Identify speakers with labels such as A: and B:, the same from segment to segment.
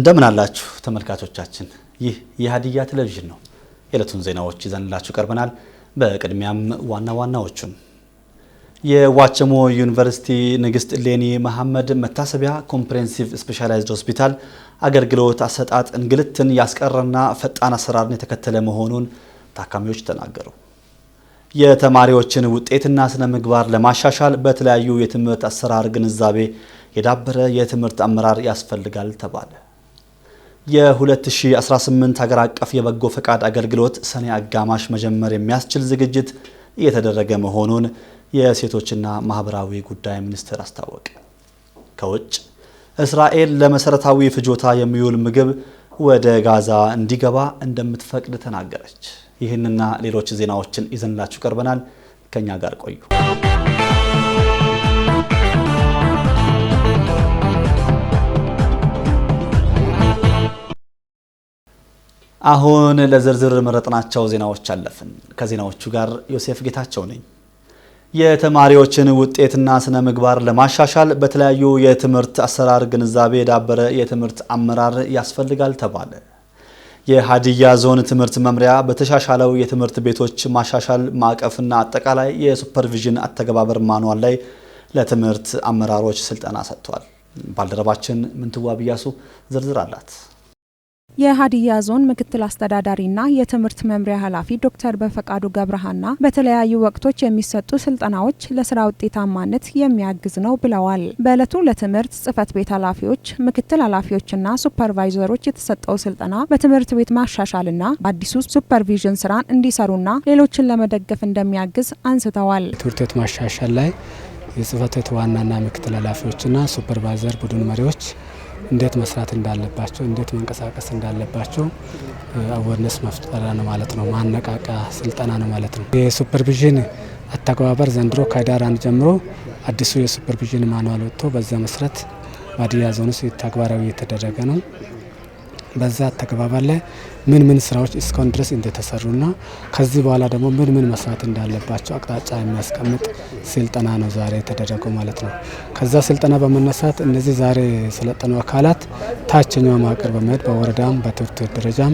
A: እንደምን አላችሁ ተመልካቾቻችን፣ ይህ የሀዲያ ቴሌቪዥን ነው። የዕለቱን ዜናዎች ይዘንላችሁ ቀርበናል። በቅድሚያም ዋና ዋናዎቹን የዋቸሞ ዩኒቨርሲቲ ንግስት ሌኒ መሐመድ መታሰቢያ ኮምፕሬንሲቭ ስፔሻላይዝድ ሆስፒታል አገልግሎት አሰጣጥ እንግልትን ያስቀረና ፈጣን አሰራርን የተከተለ መሆኑን ታካሚዎች ተናገሩ። የተማሪዎችን ውጤትና ስነ ምግባር ለማሻሻል በተለያዩ የትምህርት አሰራር ግንዛቤ የዳበረ የትምህርት አመራር ያስፈልጋል ተባለ። የ2018 ሀገር አቀፍ የበጎ ፈቃድ አገልግሎት ሰኔ አጋማሽ መጀመር የሚያስችል ዝግጅት እየተደረገ መሆኑን የሴቶችና ማህበራዊ ጉዳይ ሚኒስቴር አስታወቀ። ከውጭ እስራኤል ለመሰረታዊ ፍጆታ የሚውል ምግብ ወደ ጋዛ እንዲገባ እንደምትፈቅድ ተናገረች። ይህንና ሌሎች ዜናዎችን ይዘንላችሁ ቀርበናል። ከኛ ጋር ቆዩ። አሁን ለዝርዝር መረጥናቸው ዜናዎች አለፍን። ከዜናዎቹ ጋር ዮሴፍ ጌታቸው ነኝ። የተማሪዎችን ውጤትና ስነ ምግባር ለማሻሻል በተለያዩ የትምህርት አሰራር ግንዛቤ የዳበረ የትምህርት አመራር ያስፈልጋል ተባለ። የሀዲያ ዞን ትምህርት መምሪያ በተሻሻለው የትምህርት ቤቶች ማሻሻል ማዕቀፍና አጠቃላይ የሱፐርቪዥን አተገባበር ማኗል ላይ ለትምህርት አመራሮች ስልጠና ሰጥቷል። ባልደረባችን ምንትዋብ እያሱ ዝርዝር አላት።
B: የሀዲያ ዞን ምክትል አስተዳዳሪና የትምህርት መምሪያ ኃላፊ ዶክተር በፈቃዱ ገብረሃና በተለያዩ ወቅቶች የሚሰጡ ስልጠናዎች ለስራ ውጤታማነት የሚያግዝ ነው ብለዋል። በዕለቱ ለትምህርት ጽህፈት ቤት ኃላፊዎች፣ ምክትል ኃላፊዎችና ሱፐርቫይዘሮች የተሰጠው ስልጠና በትምህርት ቤት ማሻሻልና በአዲሱ ሱፐርቪዥን ስራን እንዲሰሩና ሌሎችን ለመደገፍ እንደሚያግዝ አንስተዋል።
C: ትምህርት ቤት ማሻሻል ላይ የጽህፈት ቤት ዋናና ምክትል ኃላፊዎችና ሱፐርቫይዘር ቡድን መሪዎች እንዴት መስራት እንዳለባቸው እንዴት መንቀሳቀስ እንዳለባቸው አወርነስ መፍጠራ ነው ማለት ነው። ማነቃቃ ስልጠና ነው ማለት ነው። የሱፐርቪዥን አተገባበር ዘንድሮ ከዳር አንድ ጀምሮ አዲሱ የሱፐርቪዥን ማንዋል ወጥቶ በዛ መሰረት ሀዲያ ዞን ውስጥ ተግባራዊ የተደረገ ነው። በዛ አተገባበር ላይ ምን ምን ስራዎች እስካሁን ድረስ እንደተሰሩና ከዚህ በኋላ ደግሞ ምን ምን መስራት እንዳለባቸው አቅጣጫ የሚያስቀምጥ ስልጠና ነው ዛሬ የተደረገው ማለት ነው። ከዛ ስልጠና በመነሳት እነዚህ ዛሬ የሰለጠኑ አካላት ታችኛው መዋቅር በመሄድ በወረዳም በትምህርት ቤት ደረጃም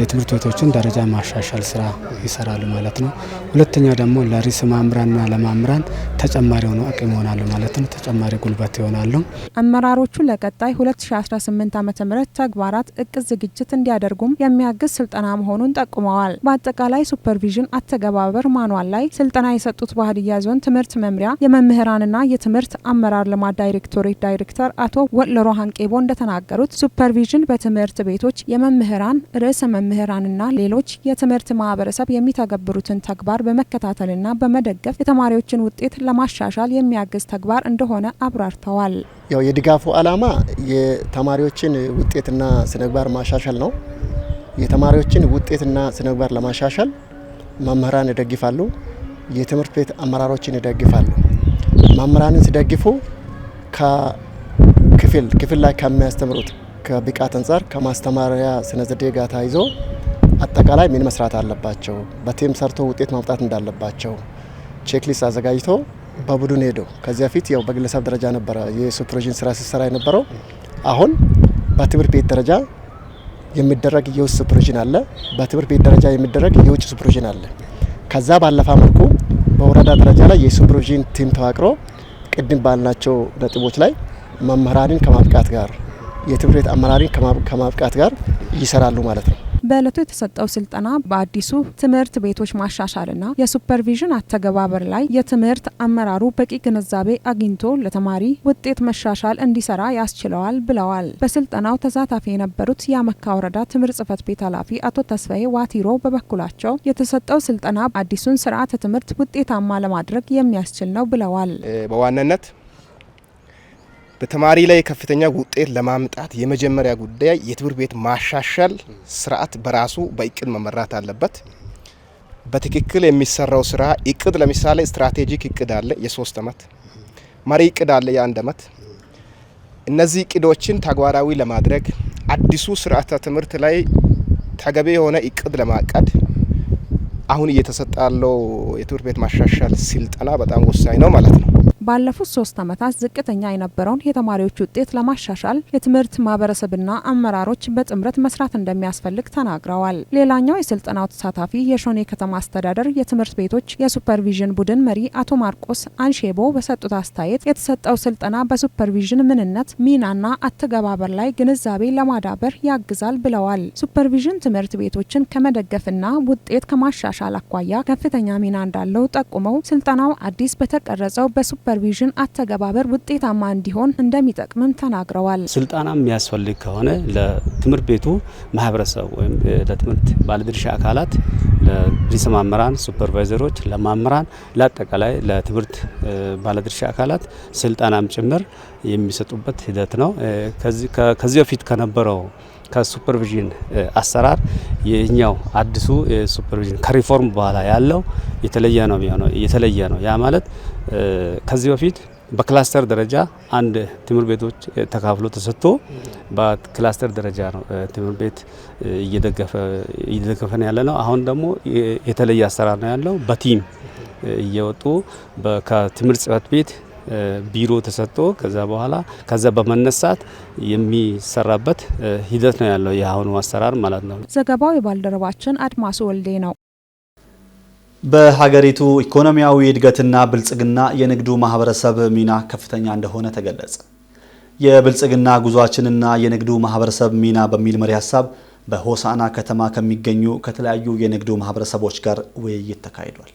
C: የትምህርት ቤቶችን ደረጃ ማሻሻል ስራ ይሰራሉ ማለት ነው። ሁለተኛ ደግሞ ለሪስ መምህራንና ለመምህራን ተጨማሪ ሆኖ አቅም ይሆናሉ ማለት ነው። ተጨማሪ ጉልበት ይሆናሉ።
B: አመራሮቹ ለቀጣይ 2018 ዓ ም ተግባራት እቅድ ዝግጅት እንዲያደርጉም የሚያግዝ ስልጠና መሆኑን ጠቁመዋል። በአጠቃላይ ሱፐርቪዥን አተገባበር ማኗል ላይ ስልጠና የሰጡት ባህድያ ዞን ትምህርት መምሪያ የመምህራንና የትምህርት አመራር ፓርላማ ዳይሬክቶሬት ዳይሬክተር አቶ ወለሮ ሀንቄቦ እንደተናገሩት ሱፐርቪዥን በትምህርት ቤቶች የመምህራን ርዕሰ መምህራንና ሌሎች የትምህርት ማህበረሰብ የሚተገብሩትን ተግባር በመከታተልና በመደገፍ የተማሪዎችን ውጤት ለማሻሻል የሚያግዝ ተግባር እንደሆነ አብራርተዋል።
D: ያው የድጋፉ ዓላማ የተማሪዎችን ውጤትና ስነግባር ማሻሻል ነው። የተማሪዎችን ውጤትና ስነግባር ለማሻሻል መምህራን ይደግፋሉ፣ የትምህርት ቤት አመራሮችን ይደግፋሉ። መምህራንን ሲደግፉ ከክፍል ክፍል ላይ ከሚያስተምሩት ከብቃት አንጻር ከማስተማሪያ ስነ ዘዴ ጋር አጠቃላይ ምን መስራት አለባቸው፣ በቲም ሰርቶ ውጤት ማምጣት እንዳለባቸው ቼክሊስት አዘጋጅቶ በቡድን ሄዶ ከዚህ በፊት ያው በግለሰብ ደረጃ ነበረ የሱፐርቪዥን ስራ ሲሰራ የነበረው። አሁን በትምህርት ቤት ደረጃ የሚደረግ የውስጥ ሱፐርቪዥን አለ፣ በትምህርት ቤት ደረጃ የሚደረግ የውጭ ሱፐርቪዥን አለ። ከዛ ባለፈ መልኩ በወረዳ ደረጃ ላይ የሱፐርቪዥን ቲም ተዋቅሮ ቅድም ባልናቸው ነጥቦች ላይ መምህራንን ከማብቃት ጋር የትምህርት አመራሪን ከማብቃት ጋር ይሰራሉ
B: ማለት ነው። በዕለቱ የተሰጠው ስልጠና በአዲሱ ትምህርት ቤቶች ማሻሻልና የሱፐርቪዥን አተገባበር ላይ የትምህርት አመራሩ በቂ ግንዛቤ አግኝቶ ለተማሪ ውጤት መሻሻል እንዲሰራ ያስችለዋል ብለዋል። በስልጠናው ተሳታፊ የነበሩት የአመካ ወረዳ ትምህርት ጽህፈት ቤት ኃላፊ አቶ ተስፋዬ ዋቲሮ በበኩላቸው የተሰጠው ስልጠና አዲሱን ስርዓተ ትምህርት ውጤታማ ለማድረግ የሚያስችል ነው
E: ብለዋል። በዋናነት በተማሪ ላይ ከፍተኛ ውጤት ለማምጣት የመጀመሪያ ጉዳይ የትምህርት ቤት ማሻሻል ስርዓት በራሱ በእቅድ መመራት አለበት። በትክክል የሚሰራው ስራ እቅድ፣ ለምሳሌ ስትራቴጂክ እቅድ አለ የሶስት አመት መሪ እቅድ አለ የአንድ አመት። እነዚህ እቅዶችን ተግባራዊ ለማድረግ አዲሱ ስርዓተ ትምህርት ላይ ተገቢ የሆነ እቅድ ለማቀድ አሁን እየተሰጠ ያለው የትምህርት ቤት ማሻሻል ስልጠና በጣም ወሳኝ ነው
B: ማለት ነው። ባለፉት ሶስት ዓመታት ዝቅተኛ የነበረውን የተማሪዎች ውጤት ለማሻሻል የትምህርት ማህበረሰብና አመራሮች በጥምረት መስራት እንደሚያስፈልግ ተናግረዋል። ሌላኛው የስልጠናው ተሳታፊ የሾኔ ከተማ አስተዳደር የትምህርት ቤቶች የሱፐርቪዥን ቡድን መሪ አቶ ማርቆስ አንሼቦ በሰጡት አስተያየት የተሰጠው ስልጠና በሱፐርቪዥን ምንነት፣ ሚናና አተገባበር ላይ ግንዛቤ ለማዳበር ያግዛል ብለዋል። ሱፐርቪዥን ትምህርት ቤቶችን ከመደገፍና ውጤት ከማሻሻል አኳያ ከፍተኛ ሚና እንዳለው ጠቁመው ስልጠናው አዲስ በተቀረጸው በሱፐር ቴሌቪዥን አተገባበር ውጤታማ እንዲሆን እንደሚጠቅምም ተናግረዋል።
F: ስልጠና የሚያስፈልግ ከሆነ ለትምህርት ቤቱ ማህበረሰብ ወይም ለትምህርት ባለድርሻ አካላት ለርዕሰ መምህራን፣ ሱፐርቫይዘሮች፣ ለመምህራን፣ ለአጠቃላይ ለትምህርት ባለድርሻ አካላት ስልጠናም ጭምር የሚሰጡበት ሂደት ነው። ከዚህ በፊት ከነበረው ከሱፐርቪዥን አሰራር የኛው አዲሱ ሱፐርቪዥን ከሪፎርም በኋላ ያለው የተለየ ነው የሚሆነው የተለየ ነው ያ ማለት ከዚህ በፊት በክላስተር ደረጃ አንድ ትምህርት ቤቶች ተካፍሎ ተሰጥቶ በክላስተር ደረጃ ነው ትምህርት ቤት እየደገፈ ነው ያለ ነው። አሁን ደግሞ የተለየ አሰራር ነው ያለው። በቲም እየወጡ ከትምህርት ጽፈት ቤት ቢሮ ተሰጥቶ ከዛ በኋላ ከዛ በመነሳት የሚሰራበት ሂደት ነው ያለው የአሁኑ አሰራር ማለት ነው።
B: ዘገባው የባልደረባችን አድማሱ ወልዴ ነው።
G: በሀገሪቱ ኢኮኖሚያዊ እድገትና ብልጽግና የንግዱ ማህበረሰብ ሚና ከፍተኛ እንደሆነ ተገለጸ። የብልጽግና ጉዟችንና የንግዱ ማህበረሰብ ሚና በሚል መሪ ሀሳብ በሆሳና ከተማ ከሚገኙ ከተለያዩ የንግዱ ማህበረሰቦች ጋር ውይይት ተካሂዷል።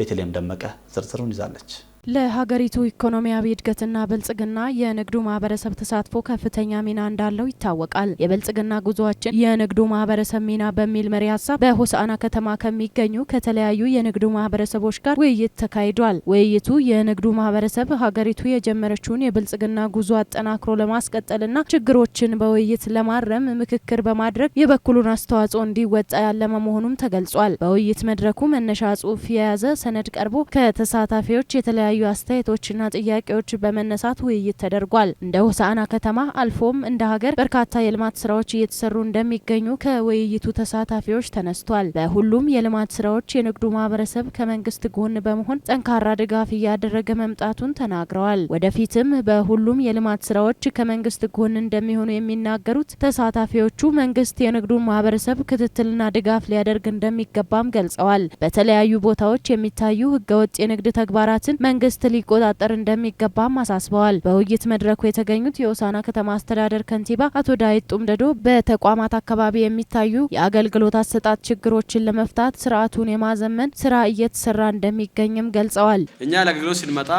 G: ቤተልሔም ደመቀ ዝርዝሩን
B: ይዛለች። ለሀገሪቱ ኢኮኖሚያዊ እድገትና ብልጽግና የንግዱ ማህበረሰብ ተሳትፎ ከፍተኛ ሚና እንዳለው ይታወቃል። የብልጽግና ጉዞአችን የንግዱ ማህበረሰብ ሚና በሚል መሪ ሀሳብ በሆሳአና ከተማ ከሚገኙ ከተለያዩ የንግዱ ማህበረሰቦች ጋር ውይይት ተካሂዷል። ውይይቱ የንግዱ ማህበረሰብ ሀገሪቱ የጀመረችውን የብልጽግና ጉዞ አጠናክሮ ለማስቀጠልና ችግሮችን በውይይት ለማረም ምክክር በማድረግ የበኩሉን አስተዋጽኦ እንዲወጣ ያለመ መሆኑም ተገልጿል። በውይይት መድረኩ መነሻ ጽሑፍ የያዘ ሰነድ ቀርቦ ከተሳታፊዎች የተለያዩ የተለያዩ አስተያየቶችና ጥያቄዎች በመነሳት ውይይት ተደርጓል። እንደ ሆሳዕና ከተማ አልፎም እንደ ሀገር በርካታ የልማት ስራዎች እየተሰሩ እንደሚገኙ ከውይይቱ ተሳታፊዎች ተነስቷል። በሁሉም የልማት ስራዎች የንግዱ ማህበረሰብ ከመንግስት ጎን በመሆን ጠንካራ ድጋፍ እያደረገ መምጣቱን ተናግረዋል። ወደፊትም በሁሉም የልማት ስራዎች ከመንግስት ጎን እንደሚሆኑ የሚናገሩት ተሳታፊዎቹ መንግስት የንግዱን ማህበረሰብ ክትትልና ድጋፍ ሊያደርግ እንደሚገባም ገልጸዋል። በተለያዩ ቦታዎች የሚታዩ ህገወጥ የንግድ ተግባራትን መንግስት ሊቆጣጠር እንደሚገባም አሳስበዋል። በውይይት መድረኩ የተገኙት የሆሳና ከተማ አስተዳደር ከንቲባ አቶ ዳዊት ጡምደዶ በተቋማት አካባቢ የሚታዩ የአገልግሎት አሰጣጥ ችግሮችን ለመፍታት ስርዓቱን የማዘመን ስራ እየተሰራ እንደሚገኝም ገልጸዋል።
H: እኛ ለአገልግሎት ስንመጣ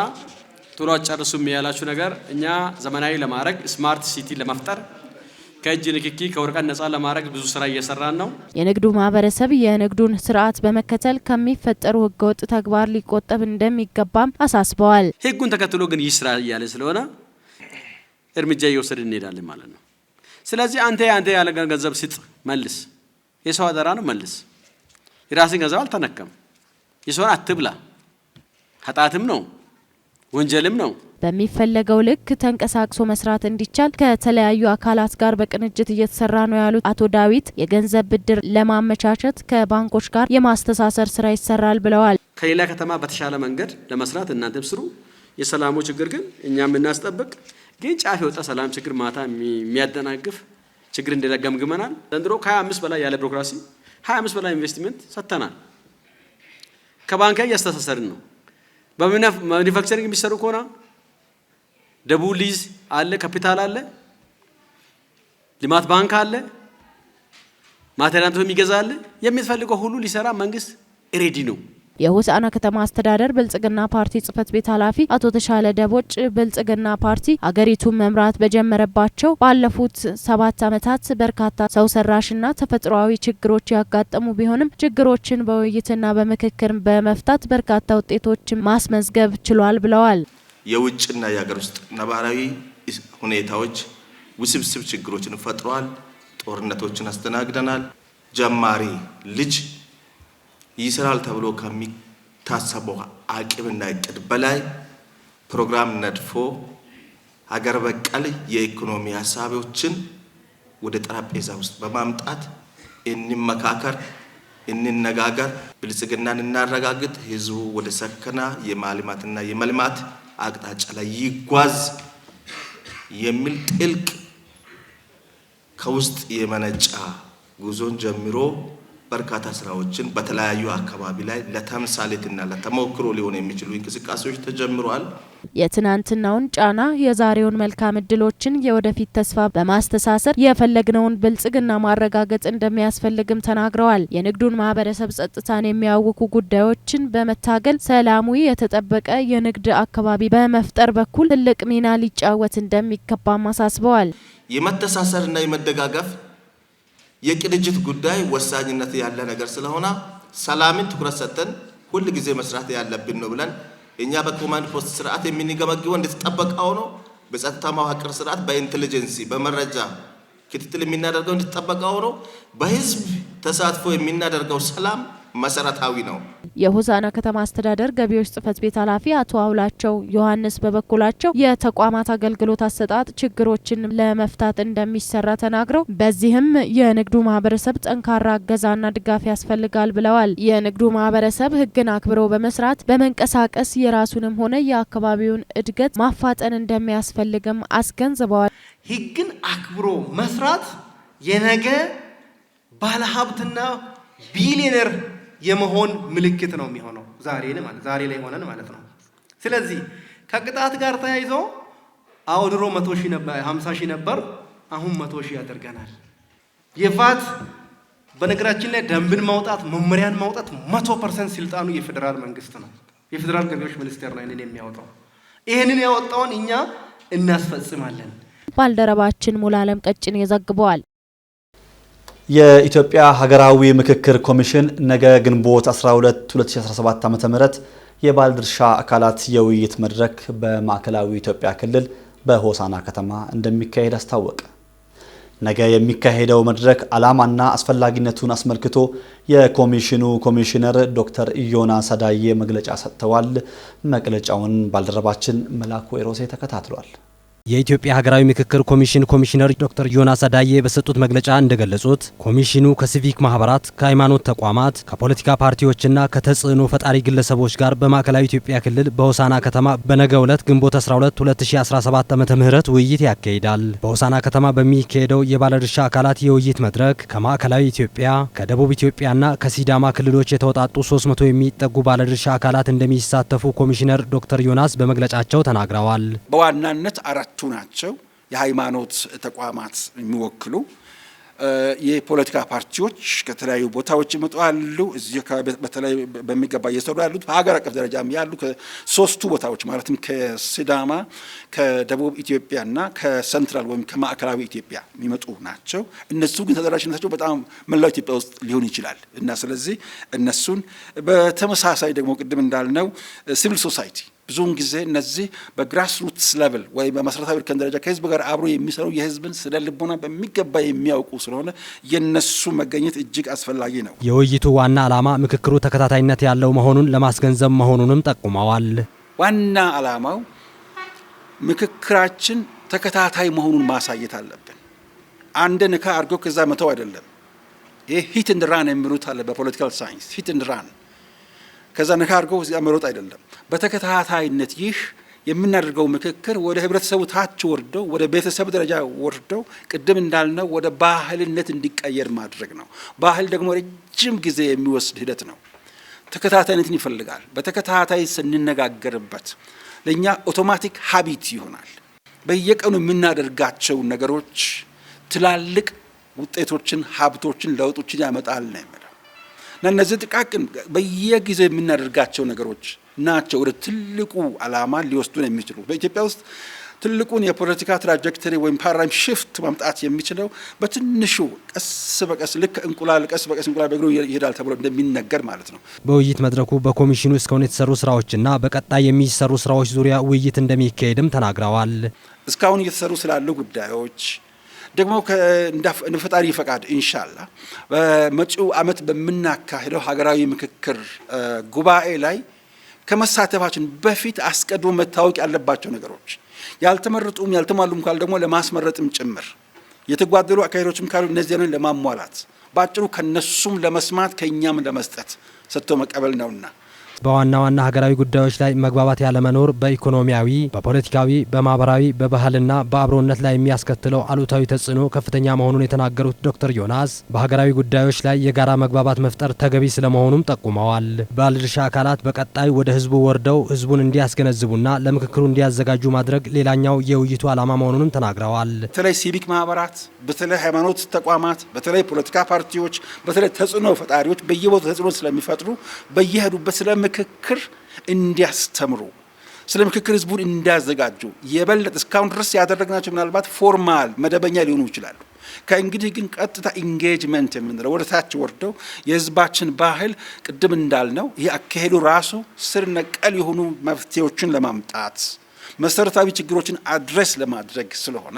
H: ቶሎ አጨርሱም ያላችሁ ነገር እኛ ዘመናዊ ለማድረግ ስማርት ሲቲ ለመፍጠር ከእጅ ንክኪ ከወረቀት ነጻ ለማድረግ ብዙ ስራ እየሰራን
B: ነው። የንግዱ ማህበረሰብ የንግዱን ስርዓት በመከተል ከሚፈጠሩ ህገወጥ ተግባር ሊቆጠብ እንደሚገባም አሳስበዋል።
H: ህጉን ተከትሎ ግን ይህ ስራ እያለ ስለሆነ እርምጃ እየወሰድ እንሄዳለን ማለት ነው። ስለዚህ አንተ አንተ ያለ ገንዘብ ስጥ መልስ፣ የሰው አደራ ነው መልስ። የራስን ገንዘብ አልተነከም፣ የሰውን አትብላ፣ ኃጢአትም ነው። ወንጀልም ነው።
B: በሚፈለገው ልክ ተንቀሳቅሶ መስራት እንዲቻል ከተለያዩ አካላት ጋር በቅንጅት እየተሰራ ነው ያሉት አቶ ዳዊት የገንዘብ ብድር ለማመቻቸት ከባንኮች ጋር የማስተሳሰር ስራ ይሰራል
H: ብለዋል። ከሌላ ከተማ በተሻለ መንገድ ለመስራት እናንተም ስሩ። የሰላሙ ችግር ግን እኛም እናስጠብቅ። ግን ጫፍ የወጣ ሰላም ችግር ማታ የሚያደናግፍ ችግር እንደለገምግመናል። ዘንድሮ ከ25 በላይ ያለ ቢሮክራሲ 25 በላይ ኢንቨስትመንት ሰጥተናል። ከባንክ እያስተሳሰርን ነው በማኒፋክቸሪንግ የሚሰሩ ከሆነ ደቡ ሊዝ አለ፣ ካፒታል አለ፣ ልማት ባንክ አለ፣ ማቴሪያል የሚገዛ አለ። የሚፈልገው ሁሉ ሊሰራ መንግስት
B: ሬዲ ነው። የሆሳዕና ከተማ አስተዳደር ብልጽግና ፓርቲ ጽህፈት ቤት ኃላፊ አቶ ተሻለ ደቦጭ ብልጽግና ፓርቲ አገሪቱን መምራት በጀመረባቸው ባለፉት ሰባት ዓመታት በርካታ ሰው ሰራሽና ተፈጥሯዊ ችግሮች ያጋጠሙ ቢሆንም ችግሮችን በውይይትና በምክክር በመፍታት በርካታ ውጤቶችን ማስመዝገብ ችሏል
H: ብለዋል። የውጭና የሀገር ውስጥ ነባራዊ ሁኔታዎች ውስብስብ ችግሮችን ፈጥረዋል። ጦርነቶችን አስተናግደናል። ጀማሪ ልጅ ይስራል ተብሎ ከሚታሰበው አቅምና እቅድ በላይ ፕሮግራም ነድፎ ሀገር በቀል የኢኮኖሚ ሀሳቢዎችን ወደ ጠረጴዛ ውስጥ በማምጣት እንመካከር፣ እንነጋገር፣ ብልጽግናን እናረጋግጥ፣ ህዝቡ ወደ ሰከና የማልማትና የመልማት አቅጣጫ ላይ ይጓዝ የሚል ጥልቅ ከውስጥ የመነጫ ጉዞን ጀምሮ በርካታ ስራዎችን በተለያዩ አካባቢ ላይ ለተምሳሌትና ለተሞክሮ ሊሆን የሚችሉ እንቅስቃሴዎች ተጀምረዋል።
B: የትናንትናውን ጫና፣ የዛሬውን መልካም እድሎችን፣ የወደፊት ተስፋ በማስተሳሰር የፈለግነውን ብልጽግና ማረጋገጥ እንደሚያስፈልግም ተናግረዋል። የንግዱን ማህበረሰብ ጸጥታን የሚያውኩ ጉዳዮችን በመታገል ሰላሙ የተጠበቀ የንግድ አካባቢ በመፍጠር በኩል ትልቅ ሚና ሊጫወት እንደሚገባም አሳስበዋል።
H: የመተሳሰርና የመደጋገፍ የቅንጅት ጉዳይ ወሳኝነት ያለ ነገር ስለሆነ ሰላምን ትኩረት ሰጥተን ሁል ጊዜ መስራት ያለብን ነው ብለን እኛ በኮማንድ ፖስት ስርዓት የምንገመግበው እንድትጠበቀው ነው። በጸጥታ መዋቅር ስርዓት በኢንቴሊጀንሲ በመረጃ ክትትል የምናደርገው እንድትጠበቀው ነው። በህዝብ ተሳትፎ የምናደርገው ሰላም መሰረታዊ
B: ነው። የሆሳና ከተማ አስተዳደር ገቢዎች ጽህፈት ቤት ኃላፊ አቶ አውላቸው ዮሐንስ በበኩላቸው የተቋማት አገልግሎት አሰጣጥ ችግሮችን ለመፍታት እንደሚሰራ ተናግረው በዚህም የንግዱ ማህበረሰብ ጠንካራ እገዛና ድጋፍ ያስፈልጋል ብለዋል። የንግዱ ማህበረሰብ ህግን አክብሮ በመስራት በመንቀሳቀስ የራሱንም ሆነ የአካባቢውን እድገት ማፋጠን እንደሚያስፈልግም
H: አስገንዝበዋል። ህግን አክብሮ መስራት የነገ ባለሀብትና ቢሊዮነር የመሆን ምልክት ነው የሚሆነው ዛሬን ማለት ዛሬ ላይ ሆነን ማለት ነው። ስለዚህ ከቅጣት ጋር ተያይዞ አዎ ድሮ መቶ ሺህ ነበር ሀምሳ ሺህ ነበር፣ አሁን መቶ ሺህ ያደርገናል። የፋት በነገራችን ላይ ደንብን ማውጣት መመሪያን ማውጣት መቶ ፐርሰንት ስልጣኑ የፌዴራል መንግስት ነው። የፌዴራል ገቢዎች ሚኒስቴር ነው ይህንን የሚያወጣው። ይህንን ያወጣውን እኛ እናስፈጽማለን።
B: ባልደረባችን አለም ቀጭን ዘግበዋል።
G: የኢትዮጵያ ሀገራዊ ምክክር ኮሚሽን ነገ ግንቦት 12 2017 ዓ ም የባለድርሻ አካላት የውይይት መድረክ በማዕከላዊ ኢትዮጵያ ክልል በሆሳና ከተማ እንደሚካሄድ አስታወቀ። ነገ የሚካሄደው መድረክ ዓላማና አስፈላጊነቱን አስመልክቶ የኮሚሽኑ ኮሚሽነር ዶክተር ኢዮና ሰዳዬ መግለጫ ሰጥተዋል። መግለጫውን ባልደረባችን መላኩ ኤሮሴ ተከታትሏል።
A: የኢትዮጵያ ሀገራዊ ምክክር ኮሚሽን ኮሚሽነር ዶክተር ዮናስ አዳዬ በሰጡት መግለጫ እንደገለጹት ኮሚሽኑ ከሲቪክ ማህበራት፣ ከሃይማኖት ተቋማት፣ ከፖለቲካ ፓርቲዎችና ከተጽዕኖ ፈጣሪ ግለሰቦች ጋር በማዕከላዊ ኢትዮጵያ ክልል በሆሳና ከተማ በነገ ዕለት ግንቦት 12 2017 ዓ ም ውይይት ያካሂዳል። በሆሳና ከተማ በሚካሄደው የባለድርሻ አካላት የውይይት መድረክ ከማዕከላዊ ኢትዮጵያ፣ ከደቡብ ኢትዮጵያና ከሲዳማ ክልሎች የተውጣጡ 300 የሚጠጉ ባለድርሻ አካላት እንደሚሳተፉ ኮሚሽነር ዶክተር ዮናስ በመግለጫቸው ተናግረዋል።
I: በዋናነት አራት ሁለቱ ናቸው። የሃይማኖት ተቋማት የሚወክሉ የፖለቲካ ፓርቲዎች ከተለያዩ ቦታዎች ይመጡ አሉ። እዚህ በተለይ በሚገባ እየሰሩ ያሉት በሀገር አቀፍ ደረጃም ያሉ ከሶስቱ ቦታዎች ማለትም ከሲዳማ፣ ከደቡብ ኢትዮጵያ እና ከሰንትራል ወይም ከማዕከላዊ ኢትዮጵያ የሚመጡ ናቸው። እነሱ ግን ተደራሽነታቸው በጣም መላው ኢትዮጵያ ውስጥ ሊሆን ይችላል እና ስለዚህ እነሱን በተመሳሳይ ደግሞ ቅድም እንዳልነው ሲቪል ሶሳይቲ ብዙውን ጊዜ እነዚህ በግራስሩትስ ሩትስ ሌቭል ወይ በመሰረታዊ እርከን ደረጃ ከህዝብ ጋር አብሮ የሚሰሩ የህዝብን ስነ ልቦና በሚገባ የሚያውቁ ስለሆነ የነሱ መገኘት እጅግ አስፈላጊ ነው።
B: የውይይቱ ዋና ዓላማ ምክክሩ ተከታታይነት ያለው መሆኑን ለማስገንዘብ መሆኑንም ጠቁመዋል።
I: ዋና ዓላማው ምክክራችን ተከታታይ መሆኑን ማሳየት አለብን። አንድ ንካ አድርገው ከዛ መተው አይደለም። ይህ ሂት እንድራን የሚሉት አለ በፖለቲካል ሳይንስ ሂት እንድራን ከዛ ነካ አድርገው እዚያ መሮጥ አይደለም። በተከታታይነት ይህ የምናደርገው ምክክር ወደ ህብረተሰቡ ታች ወርደው ወደ ቤተሰብ ደረጃ ወርደው ቅድም እንዳልነው ወደ ባህልነት እንዲቀየር ማድረግ ነው። ባህል ደግሞ ረጅም ጊዜ የሚወስድ ሂደት ነው። ተከታታይነትን ይፈልጋል። በተከታታይ ስንነጋገርበት ለእኛ ኦቶማቲክ ሀቢት ይሆናል። በየቀኑ የምናደርጋቸው ነገሮች ትላልቅ ውጤቶችን፣ ሀብቶችን፣ ለውጦችን ያመጣል ነው። እና እነዚህ ጥቃቅን በየጊዜው የምናደርጋቸው ነገሮች ናቸው ወደ ትልቁ አላማ ሊወስዱን የሚችሉ በኢትዮጵያ ውስጥ ትልቁን የፖለቲካ ትራጀክተሪ ወይም ፓራዳይም ሽፍት ማምጣት የሚችለው በትንሹ ቀስ በቀስ ልክ እንቁላል ቀስ በቀስ እንቁላል በእግሩ ይሄዳል ተብሎ እንደሚነገር
B: ማለት ነው። በውይይት መድረኩ በኮሚሽኑ እስካሁን የተሰሩ ስራዎችና በቀጣይ የሚሰሩ ስራዎች ዙሪያ ውይይት እንደሚካሄድም ተናግረዋል።
I: እስካሁን እየተሰሩ ስላሉ ጉዳዮች ደግሞ ፈጣሪ ፈቃድ እንሻላ በመጪው ዓመት በምናካሄደው ሀገራዊ ምክክር ጉባኤ ላይ ከመሳተፋችን በፊት አስቀድሞ መታወቅ ያለባቸው ነገሮች ያልተመረጡም ያልተሟሉም ካሉ ደግሞ ለማስመረጥም ጭምር የተጓደሉ አካሄዶችም ካሉ እነዚህን ለማሟላት በአጭሩ ከነሱም ለመስማት ከእኛም ለመስጠት ሰጥቶ መቀበል ነውና
B: በዋና ዋና ሀገራዊ ጉዳዮች ላይ መግባባት ያለመኖር በኢኮኖሚያዊ፣ በፖለቲካዊ፣ በማህበራዊ፣ በባህልና በአብሮነት ላይ የሚያስከትለው አሉታዊ ተጽዕኖ ከፍተኛ መሆኑን የተናገሩት ዶክተር ዮናስ በሀገራዊ ጉዳዮች ላይ የጋራ መግባባት መፍጠር ተገቢ ስለመሆኑም ጠቁመዋል። ባለድርሻ አካላት በቀጣይ ወደ ህዝቡ ወርደው ህዝቡን እንዲያስገነዝቡና ለምክክሩ እንዲያዘጋጁ ማድረግ ሌላኛው የውይይቱ ዓላማ መሆኑንም
I: ተናግረዋል። በተለይ ሲቪክ ማህበራት፣ በተለይ ሃይማኖት ተቋማት፣ በተለይ ፖለቲካ ፓርቲዎች፣ በተለይ ተጽዕኖ ፈጣሪዎች በየቦታው ተጽዕኖ ስለሚፈጥሩ በየሄዱበት ስለም ምክክር እንዲያስተምሩ ስለ ምክክር ህዝቡን እንዲያዘጋጁ የበለጠ እስካሁን ድረስ ያደረግናቸው ምናልባት ፎርማል መደበኛ ሊሆኑ ይችላሉ። ከእንግዲህ ግን ቀጥታ ኢንጌጅመንት የምንለው ወደ ታች ወርደው የህዝባችን ባህል ቅድም እንዳልነው ይህ አካሄዱ ራሱ ስር ነቀል የሆኑ መፍትሄዎችን ለማምጣት መሰረታዊ ችግሮችን አድረስ ለማድረግ ስለሆነ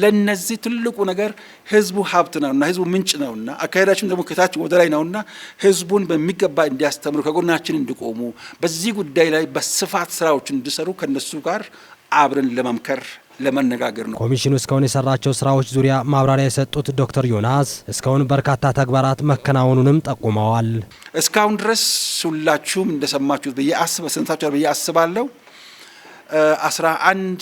I: ለነዚህ ትልቁ ነገር ህዝቡ ሀብት ነውና ህዝቡ ምንጭ ነውና አካሄዳችን ደግሞ ከታች ወደ ላይ ነውና ህዝቡን በሚገባ እንዲያስተምሩ ከጎናችን እንዲቆሙ በዚህ ጉዳይ ላይ በስፋት ስራዎች እንዲሰሩ ከነሱ ጋር አብረን ለመምከር ለመነጋገር
B: ነው። ኮሚሽኑ እስካሁን የሰራቸው ስራዎች ዙሪያ ማብራሪያ የሰጡት ዶክተር ዮናስ እስካሁን በርካታ ተግባራት መከናወኑንም
H: ጠቁመዋል። እስካሁን ድረስ ሁላችሁም እንደሰማችሁት ብዬ አስበ ስንታቸ ብዬ አስባለሁ አስራ አንድ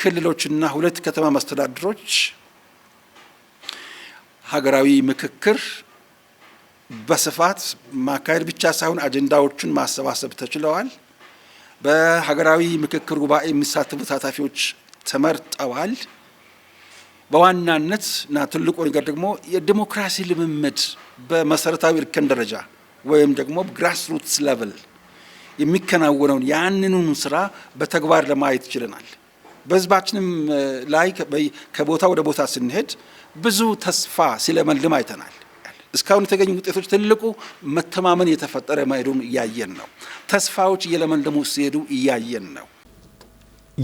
H: ክልሎችና ሁለት ከተማ መስተዳድሮች ሀገራዊ ምክክር በስፋት ማካሄድ ብቻ ሳይሆን አጀንዳዎቹን ማሰባሰብ ተችለዋል። በሀገራዊ ምክክር ጉባኤ የሚሳተፉ ተሳታፊዎች ተመርጠዋል። በዋናነት እና ትልቁ ነገር ደግሞ የዲሞክራሲ ልምምድ በመሰረታዊ እርከን ደረጃ ወይም ደግሞ ግራስሩትስ ሩትስ ሌቭል የሚከናወነውን ያንኑን ስራ በተግባር ለማየት ችለናል። በህዝባችንም ላይ ከቦታ ወደ ቦታ ስንሄድ ብዙ ተስፋ ሲለመልም አይተናል። እስካሁን የተገኙ ውጤቶች ትልቁ መተማመን የተፈጠረ መሄዱን እያየን ነው። ተስፋዎች እየለመለሙ ሲሄዱ እያየን ነው።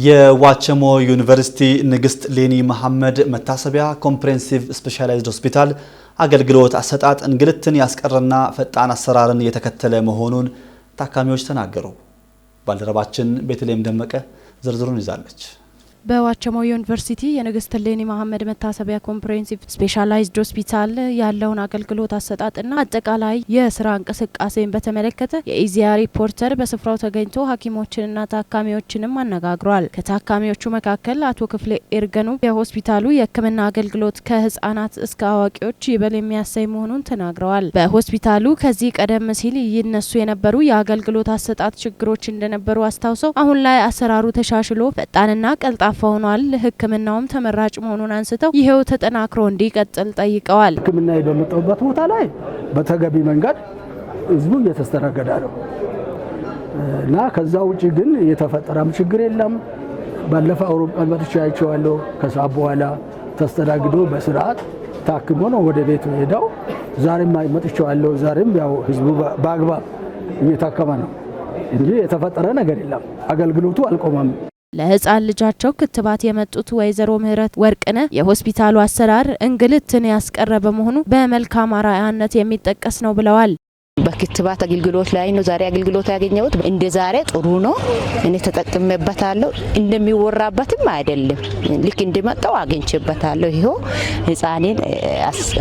G: የዋቸሞ ዩኒቨርሲቲ ንግስት ሌኒ መሐመድ መታሰቢያ ኮምፕሬንሲቭ ስፔሻላይዝድ ሆስፒታል አገልግሎት አሰጣጥ እንግልትን ያስቀረና ፈጣን አሰራርን የተከተለ መሆኑን ታካሚዎች ተናገሩ። ባልደረባችን ቤተልሔም ደመቀ ዝርዝሩን ይዛለች።
B: በዋቸሞው ዩኒቨርሲቲ የንግስት ሌኒ መሀመድ መታሰቢያ ኮምፕሬሄንሲቭ ስፔሻላይዝድ ሆስፒታል ያለውን አገልግሎት አሰጣጥና አጠቃላይ የስራ እንቅስቃሴን በተመለከተ የኢዚያ ሪፖርተር በስፍራው ተገኝቶ ሐኪሞችንና ታካሚዎችንም አነጋግሯል። ከታካሚዎቹ መካከል አቶ ክፍሌ ኤርገኑ የሆስፒታሉ የሕክምና አገልግሎት ከህጻናት እስከ አዋቂዎች ይበል የሚያሳይ መሆኑን ተናግረዋል። በሆስፒታሉ ከዚህ ቀደም ሲል ይነሱ የነበሩ የአገልግሎት አሰጣጥ ችግሮች እንደነበሩ አስታውሰው አሁን ላይ አሰራሩ ተሻሽሎ ፈጣንና ቀልጣ ቀልጣፋ ሆኗል። ህክምናውም ተመራጭ መሆኑን አንስተው ይሄው ተጠናክሮ እንዲቀጥል ጠይቀዋል።
D: ህክምና በመጣሁበት ቦታ ላይ በተገቢ መንገድ ህዝቡ እየተስተናገደ ነው እና ከዛ ውጭ ግን የተፈጠረም ችግር የለም። ባለፈ አውሮፓ መጥቼ አይቼዋለሁ። ከሰዓት በኋላ ተስተናግዶ በስርዓት ታክሞ ነው ወደ ቤቱ ሄደው። ዛሬም መጥቼዋለሁ። ዛሬም ያው ህዝቡ በአግባብ እየታከመ ነው እንጂ የተፈጠረ ነገር የለም። አገልግሎቱ
B: አልቆመም። ለህፃን ልጃቸው ክትባት የመጡት ወይዘሮ ምህረት ወርቅነ የሆስፒታሉ አሰራር እንግልትን ያስቀረ በመሆኑ በመልካም አርአያነት የሚጠቀስ ነው ብለዋል።
J: በክትባት አገልግሎት ላይ ነው ዛሬ አገልግሎት ያገኘሁት። እንደ ዛሬ ጥሩ ነው፣ እኔ ተጠቅሜበታለሁ። እንደሚወራበትም አይደለም፣ ልክ እንደመጣው አግኝቼበታለሁ። ይኸው ህፃኔን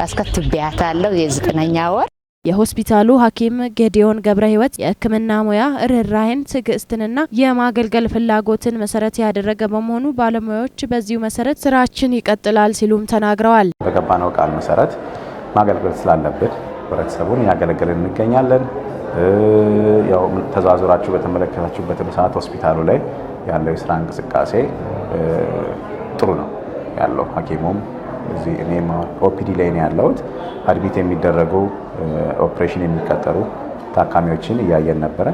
J: አስከትቤያታለሁ የዘጠነኛ ወር
B: የሆስፒታሉ ሐኪም ጌዲዮን ገብረ ህይወት የህክምና ሙያ ርኅራሄን ትዕግስትንና የማገልገል ፍላጎትን መሰረት ያደረገ በመሆኑ ባለሙያዎች በዚሁ መሰረት ስራችን ይቀጥላል ሲሉም
K: ተናግረዋል። በገባነው ቃል መሰረት ማገልገል ስላለብን ህብረተሰቡን እያገለገልን እንገኛለን። ያው ተዘዋዙራችሁ በተመለከታችሁበትም ሰዓት ሆስፒታሉ ላይ ያለው የስራ እንቅስቃሴ ጥሩ ነው ያለው ሐኪሙም እዚህ እኔ ኦፒዲ ላይ ነው ያለሁት። አድሚት የሚደረጉ ኦፕሬሽን የሚቀጠሩ ታካሚዎችን እያየን ነበረ።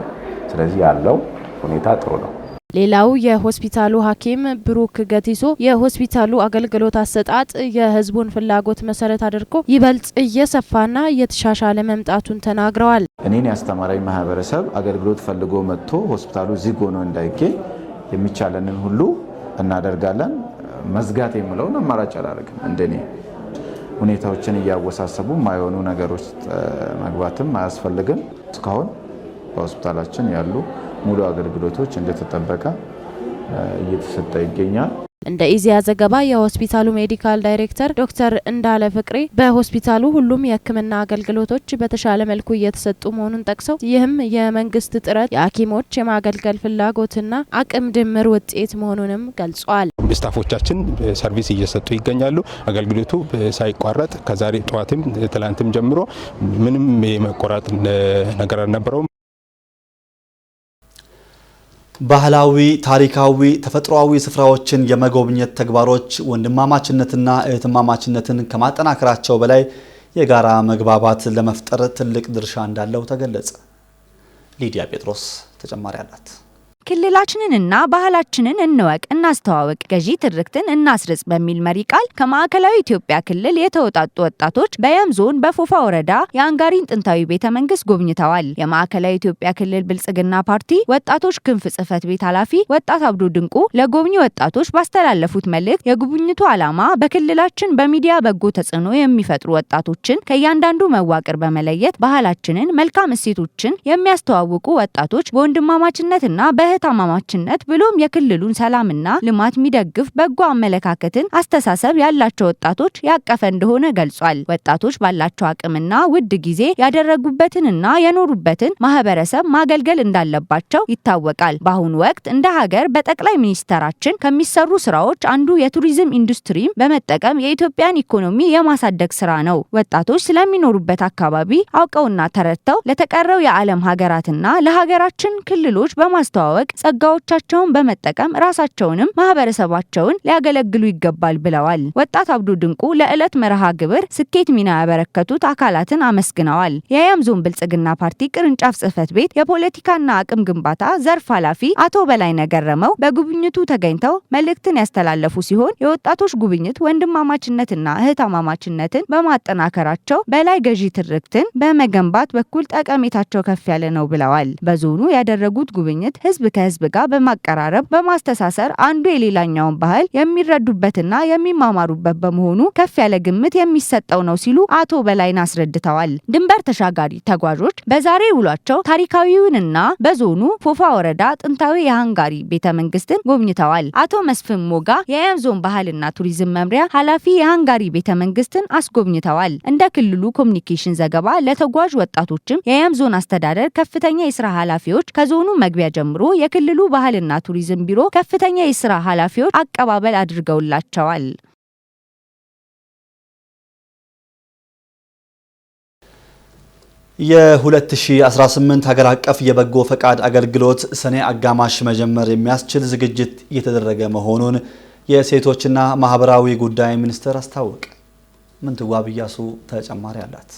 K: ስለዚህ ያለው ሁኔታ
B: ጥሩ ነው። ሌላው የሆስፒታሉ ሐኪም ብሩክ ገቲሶ የሆስፒታሉ አገልግሎት አሰጣጥ የሕዝቡን ፍላጎት መሰረት አድርጎ ይበልጥ እየሰፋና እየተሻሻለ መምጣቱን ተናግረዋል።
L: እኔን ያስተማራኝ ማህበረሰብ አገልግሎት ፈልጎ መጥቶ ሆስፒታሉ ዝግ ሆኖ እንዳይገኝ የሚቻለንን ሁሉ እናደርጋለን። መዝጋት የምለውን አማራጭ አላደርግም። እንደኔ ሁኔታዎችን እያወሳሰቡ ማይሆኑ ነገሮች መግባትም አያስፈልግም። እስካሁን በሆስፒታላችን ያሉ ሙሉ አገልግሎቶች እንደተጠበቀ እየተሰጠ ይገኛል።
B: እንደ ኢዜአ ዘገባ የሆስፒታሉ ሜዲካል ዳይሬክተር ዶክተር እንዳለ ፍቅሬ በሆስፒታሉ ሁሉም የሕክምና አገልግሎቶች በተሻለ መልኩ እየተሰጡ መሆኑን ጠቅሰው ይህም የመንግስት ጥረት የሐኪሞች የማገልገል ፍላጎትና አቅም ድምር ውጤት መሆኑንም ገልጿል።
M: ስታፎቻችን ሰርቪስ እየሰጡ ይገኛሉ። አገልግሎቱ ሳይቋረጥ ከዛሬ ጠዋትም ትላንትም ጀምሮ ምንም የመቆራጥ ነገር አልነበረውም። ባህላዊ፣ ታሪካዊ፣ ተፈጥሯዊ ስፍራዎችን የመጎብኘት ተግባሮች ወንድማማችነትና እህትማማችነትን ከማጠናከራቸው በላይ የጋራ መግባባት ለመፍጠር ትልቅ ድርሻ እንዳለው ተገለጸ። ሊዲያ ጴጥሮስ ተጨማሪ አላት።
B: ክልላችንንና ባህላችንን እንወቅ፣ እናስተዋወቅ፣ ገዢ ትርክትን እናስርጽ በሚል መሪ ቃል ከማዕከላዊ ኢትዮጵያ ክልል የተውጣጡ ወጣቶች በየም ዞን በፎፋ ወረዳ የአንጋሪን ጥንታዊ ቤተ መንግስት ጎብኝተዋል። የማዕከላዊ ኢትዮጵያ ክልል ብልጽግና ፓርቲ ወጣቶች ክንፍ ጽህፈት ቤት ኃላፊ ወጣት አብዶ ድንቁ ለጎብኚ ወጣቶች ባስተላለፉት መልእክት የጉብኝቱ ዓላማ በክልላችን በሚዲያ በጎ ተጽዕኖ የሚፈጥሩ ወጣቶችን ከእያንዳንዱ መዋቅር በመለየት ባህላችንን፣ መልካም እሴቶችን የሚያስተዋውቁ ወጣቶች በወንድማማችነትና በህ እህታማማችነት ብሎም የክልሉን ሰላምና ልማት የሚደግፍ በጎ አመለካከትን አስተሳሰብ ያላቸው ወጣቶች ያቀፈ እንደሆነ ገልጿል። ወጣቶች ባላቸው አቅምና ውድ ጊዜ ያደረጉበትንና የኖሩበትን ማህበረሰብ ማገልገል እንዳለባቸው ይታወቃል። በአሁኑ ወቅት እንደ ሀገር በጠቅላይ ሚኒስተራችን ከሚሰሩ ስራዎች አንዱ የቱሪዝም ኢንዱስትሪም በመጠቀም የኢትዮጵያን ኢኮኖሚ የማሳደግ ስራ ነው። ወጣቶች ስለሚኖሩበት አካባቢ አውቀውና ተረድተው ለተቀረው የዓለም ሀገራትና ለሀገራችን ክልሎች በማስተዋወቅ በማወቅ ጸጋዎቻቸውን በመጠቀም ራሳቸውንም ማህበረሰባቸውን ሊያገለግሉ ይገባል ብለዋል። ወጣት አብዱ ድንቁ ለዕለት መርሃ ግብር ስኬት ሚና ያበረከቱት አካላትን አመስግነዋል። የአያም ዞን ብልጽግና ፓርቲ ቅርንጫፍ ጽህፈት ቤት የፖለቲካና አቅም ግንባታ ዘርፍ ኃላፊ አቶ በላይ ገረመው በጉብኝቱ ተገኝተው መልእክትን ያስተላለፉ ሲሆን የወጣቶች ጉብኝት ወንድማማችነትና እህታማማችነትን በማጠናከራቸው በላይ ገዢ ትርክትን በመገንባት በኩል ጠቀሜታቸው ከፍ ያለ ነው ብለዋል። በዞኑ ያደረጉት ጉብኝት ህዝብ ከህዝብ ጋር በማቀራረብ በማስተሳሰር አንዱ የሌላኛውን ባህል የሚረዱበትና የሚማማሩበት በመሆኑ ከፍ ያለ ግምት የሚሰጠው ነው ሲሉ አቶ በላይን አስረድተዋል። ድንበር ተሻጋሪ ተጓዦች በዛሬ ውሏቸው ታሪካዊውንና በዞኑ ፎፋ ወረዳ ጥንታዊ የሃንጋሪ ቤተ መንግስትን ጎብኝተዋል። አቶ መስፍን ሞጋ የአያም ዞን ባህልና ቱሪዝም መምሪያ ኃላፊ የሃንጋሪ ቤተ መንግስትን አስጎብኝተዋል። እንደ ክልሉ ኮሚኒኬሽን ዘገባ ለተጓዥ ወጣቶችም የአያም ዞን አስተዳደር ከፍተኛ የስራ ኃላፊዎች ከዞኑ መግቢያ ጀምሮ የክልሉ ባህልና ቱሪዝም ቢሮ ከፍተኛ የስራ ኃላፊዎች አቀባበል አድርገውላቸዋል።
G: የ2018 ሀገር አቀፍ የበጎ ፈቃድ አገልግሎት ሰኔ አጋማሽ መጀመር የሚያስችል ዝግጅት እየተደረገ መሆኑን የሴቶችና ማህበራዊ ጉዳይ ሚኒስቴር አስታወቀ። ምንትዋብ እያሱ ተጨማሪ አላት።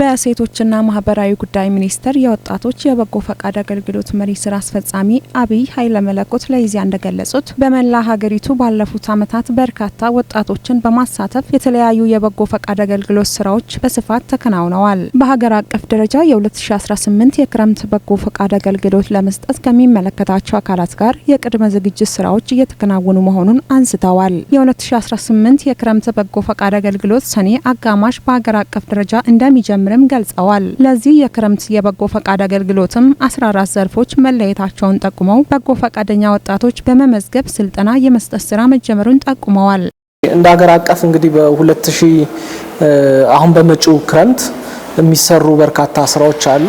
B: በሴቶችና ማህበራዊ ጉዳይ ሚኒስቴር የወጣቶች የበጎ ፈቃድ አገልግሎት መሪ ስራ አስፈጻሚ አብይ ኃይለ መለኮት ለይዚያ እንደገለጹት በመላ ሀገሪቱ ባለፉት ዓመታት በርካታ ወጣቶችን በማሳተፍ የተለያዩ የበጎ ፈቃድ አገልግሎት ስራዎች በስፋት ተከናውነዋል። በሀገር አቀፍ ደረጃ የ2018 የክረምት በጎ ፈቃድ አገልግሎት ለመስጠት ከሚመለከታቸው አካላት ጋር የቅድመ ዝግጅት ስራዎች እየተከናወኑ መሆኑን አንስተዋል። የ2018 የክረምት በጎ ፈቃድ አገልግሎት ሰኔ አጋማሽ በሀገር አቀፍ ደረጃ እንደሚጀምር እንደሚጨምርም ገልጸዋል። ለዚህ የክረምት የበጎ ፈቃድ አገልግሎትም 14 ዘርፎች መለየታቸውን ጠቁመው በጎ ፈቃደኛ ወጣቶች በመመዝገብ ስልጠና የመስጠት ስራ መጀመሩን ጠቁመዋል።
N: እንደ ሀገር አቀፍ እንግዲህ በ2000 አሁን በመጪው ክረምት የሚሰሩ በርካታ ስራዎች አሉ።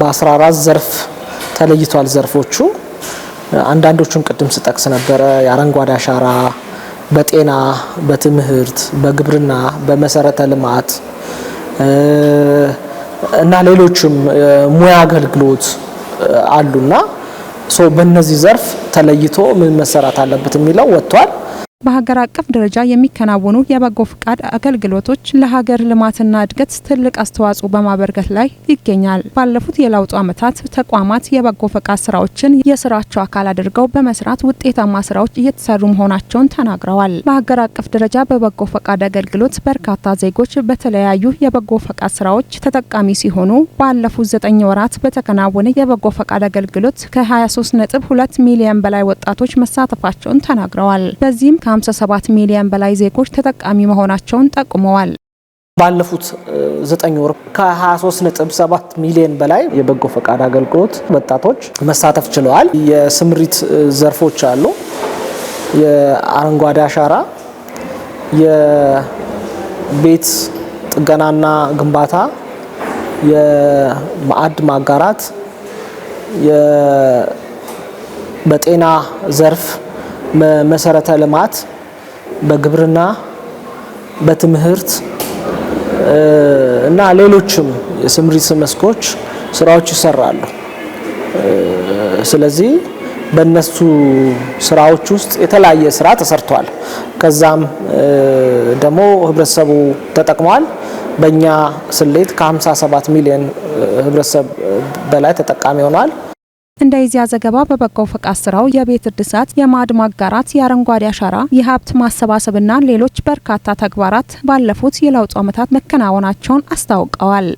N: በ14 ዘርፍ ተለይቷል። ዘርፎቹ አንዳንዶቹን ቅድም ስጠቅስ ነበረ። የአረንጓዴ አሻራ፣ በጤና፣ በትምህርት፣ በግብርና፣ በመሰረተ ልማት እና ሌሎችም ሙያ አገልግሎት አሉና በነዚህ ዘርፍ ተለይቶ ምን መሰራት አለበት የሚለው ወጥቷል። በሀገር አቀፍ ደረጃ የሚከናወኑ የበጎ ፍቃድ አገልግሎቶች ለሀገር ልማትና እድገት ትልቅ አስተዋጽኦ በማበርከት ላይ ይገኛል። ባለፉት የለውጡ ዓመታት ተቋማት የበጎ ፈቃድ ስራዎችን የስራቸው አካል አድርገው በመስራት ውጤታማ ስራዎች እየተሰሩ መሆናቸውን ተናግረዋል። በሀገር አቀፍ ደረጃ በበጎ ፈቃድ አገልግሎት በርካታ ዜጎች በተለያዩ የበጎ ፈቃድ ስራዎች ተጠቃሚ ሲሆኑ ባለፉት ዘጠኝ ወራት በተከናወነ የበጎ ፈቃድ አገልግሎት ከ23.2 ሚሊዮን በላይ ወጣቶች መሳተፋቸውን ተናግረዋል። በዚህ በዚህም ከ57 ሚሊዮን በላይ ዜጎች ተጠቃሚ መሆናቸውን ጠቁመዋል። ባለፉት ዘጠኝ ወር ከ23.7 ሚሊዮን በላይ የበጎ ፈቃድ አገልግሎት ወጣቶች መሳተፍ ችለዋል። የስምሪት ዘርፎች አሉ። የአረንጓዴ አሻራ፣ የቤት ጥገናና ግንባታ፣ የማዕድ ማጋራት፣ በጤና ዘርፍ በመሰረተ ልማት፣ በግብርና፣ በትምህርት እና ሌሎችም የስምሪት መስኮች ስራዎች ይሰራሉ። ስለዚህ በእነሱ ስራዎች ውስጥ የተለያየ ስራ ተሰርቷል። ከዛም ደግሞ ህብረተሰቡ ተጠቅሟል። በእኛ ስሌት ከ57 ሚሊዮን ህብረተሰብ በላይ ተጠቃሚ ሆኗል። እንደ ኢዜአ ዘገባ በበጎ ፈቃድ ስራው የቤት እድሳት፣ የማዕድ ማጋራት፣ የአረንጓዴ አሻራ፣ የሀብት ማሰባሰብና ሌሎች በርካታ ተግባራት ባለፉት የለውጡ ዓመታት መከናወናቸውን አስታውቀዋል።